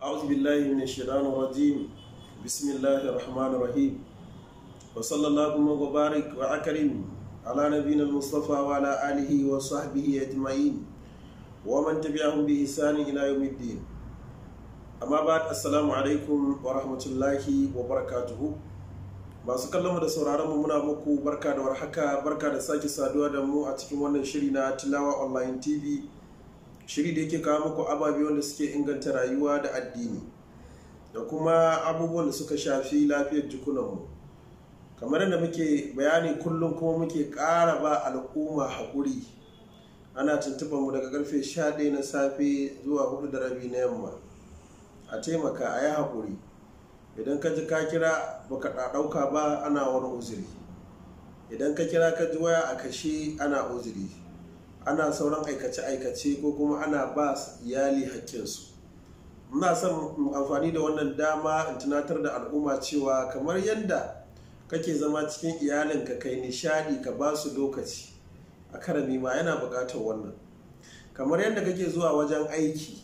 Azizu biyayya ne shi na'a wajen yi. Bisimilalihi rwamalolohin. Ba sall na baiwa bari wa 'yankalin. A lana binan Mustapha wala Alihi wasu abokan biyu ya jima'i. Wawan tafi a hudu sani Amma ba a tafi. wa rahmatulahi wa barka jiru. Masu kallon da sauraron mu muna muku barka da warhaka, barka da sati, saduwa da mu a cikin wannan shiri na tilawa online TV. shiri da yake kawo muku ababe wanda suke inganta rayuwa da addini da kuma abubuwan da suka shafi lafiyar jikunanmu kamar yadda muke bayani kullum kuma muke ƙara ba al'umma haƙuri ana tuntuɓar mu daga karfe 11 na safe zuwa 4 da rabi na yamma a taimaka a yi haƙuri idan ka ji ka kira baka ɗauka ba ana wani uzuri idan ka kira ka ji waya a kashe ana uzuri ana sauran aikace-aikace ko kuma ana ba su iyali su? muna son amfani da wannan dama in tunatar da al'umma cewa kamar yadda kake zama cikin iyalinka kai nishadi ka ba su lokaci a karami ma yana buƙatar wannan kamar yadda kake zuwa wajen aiki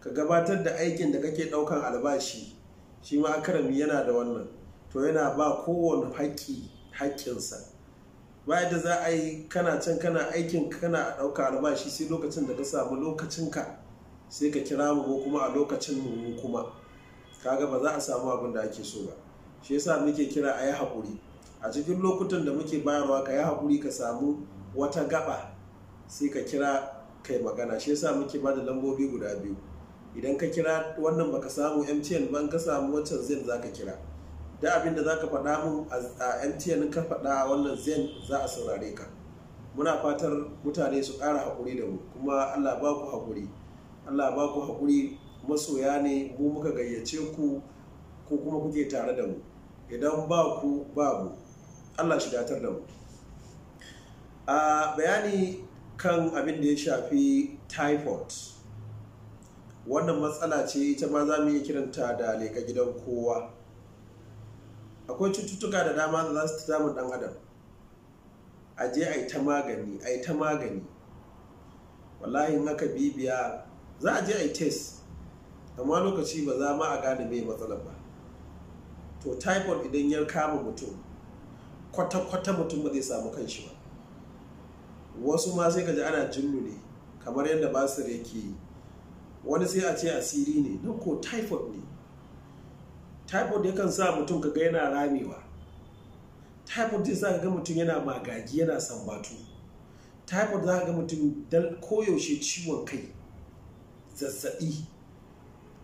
ka gabatar da aikin da kake ɗaukan albashi shi ma a karami yana da wannan to yana ba kowane haƙƙi haƙƙinsa baya da za a yi kana can kana aikin kana ɗauka albashi sai lokacin da ka samu lokacinka sai ka kira mu kuma a lokacin mu kuma kaga ba za a samu abin da ake so ba shi yasa muke kira a yi haƙuri a cikin lokutan da muke bayarwa ka yi haƙuri ka samu wata gaba sai ka kira kai magana shi yasa muke ba da lambobi guda biyu idan ka kira wannan baka samu mtn ban ka samu waccan zin za ka kira da abin da za ka faɗa mun a mtn ka faɗa wannan zen za a saurare ka muna fatar mutane su ƙara haƙuri da mu kuma allah ba ku haƙuri allah ba ku haƙuri masoya ne mu muka gayyace ku ko kuma kuke tare da mu idan ba ku ba mu allah shi datar da mu a bayani kan abin da ya shafi typhoid wannan matsala ce ita ma za mu yi kiranta da leka gidan kowa akwai cututtuka da dama da za su samun dan adam a je a yi ta magani a yi ta magani wallahi in aka bibiya za a je a yi test amma lokaci ba za ma a gane mai matsalar ba to typhoid idan ya kama mutum kwata-kwata mutum ba zai samu shi ba wasu ma sai gaji ana jinnu ne kamar yadda basir yake wani sai a ce asiri ne don ko typhoid ne typhoid yakan sa mutum kaga yana ramewa typhoid zai sa kaga mutum yana magaji yana sambatu typhoid za ga mutum dan koyaushe ciwon kai zazzaɓi.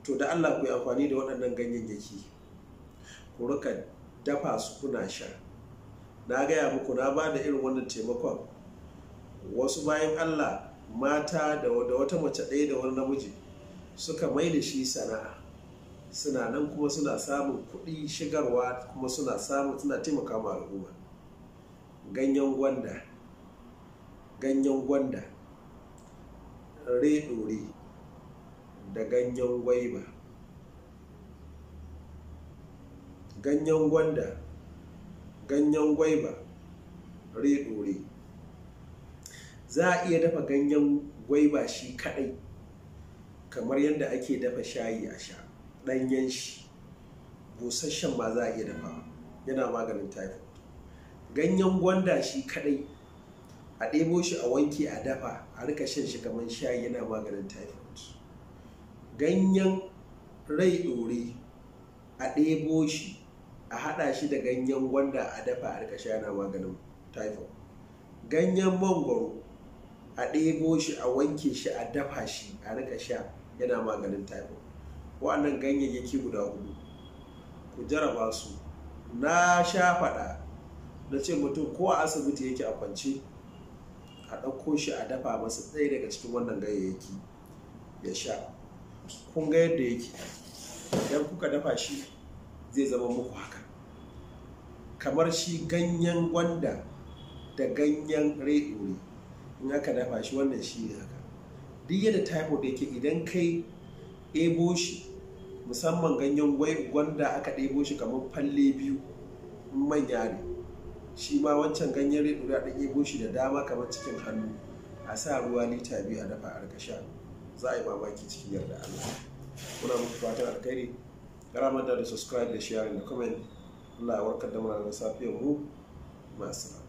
to da Allah ku yi amfani da waɗannan ganyayyaki ku rika dafa su kuna sha na gaya muku na ba da irin wannan taimakon wasu bayan Allah mata da wata mace ɗaya da wani namiji suka mai da shi sana'a suna nan kuma suna samun kuɗi shigarwa kuma suna samun suna taimaka ma al'umma ganyen gwanda ganyen gwanda redore da ganyen gwaiba ganyen gwanda ganyen gwaiba redore za a iya dafa ganyen gwaiba shi kadai kamar yadda ake dafa shayi a sha ɗanyen shi busasshen ba za a iya dafa yana maganin typhoid ganyen gwanda shi kadai a ɗebo shi a wanke a dafa a rika shan shi kamar shayi yana maganin typhoid ganyen rai ɗore a ɗebo shi a haɗa shi da ganyen gwanda a dafa a rika sha yana maganin typhoid ganyen mangoro a ɗebo shi a wanke shi a dafa shi a rika sha yana maganin typhoid wa'annan ganyayyaki guda hudu ku jaraba su na sha faɗa na ce mutum ko a asibiti yake a kwance a ɗauko shi a dafa masu ɗaya daga cikin wannan ganyayyaki ya sha kun ga yadda yake idan kuka dafa shi zai zama muku haka kamar shi ganyen gwanda da ganyen ne in aka dafa shi wannan shi ne haka duk yadda typhoid yake idan kai ebo shi musamman ganyen gwanda aka ɗebo shi kamar falle biyu manya ne shi ma wancan ganyen redura ɗan ɗebo shi da dama kamar cikin hannu a sa ruwa lita biyu a dafa a sha za a yi mamaki cikin yarda Allah muna muku fatan alkhairi ramar da subscribe da sharing da comment Allah ya warkar da mu safiyar mu masu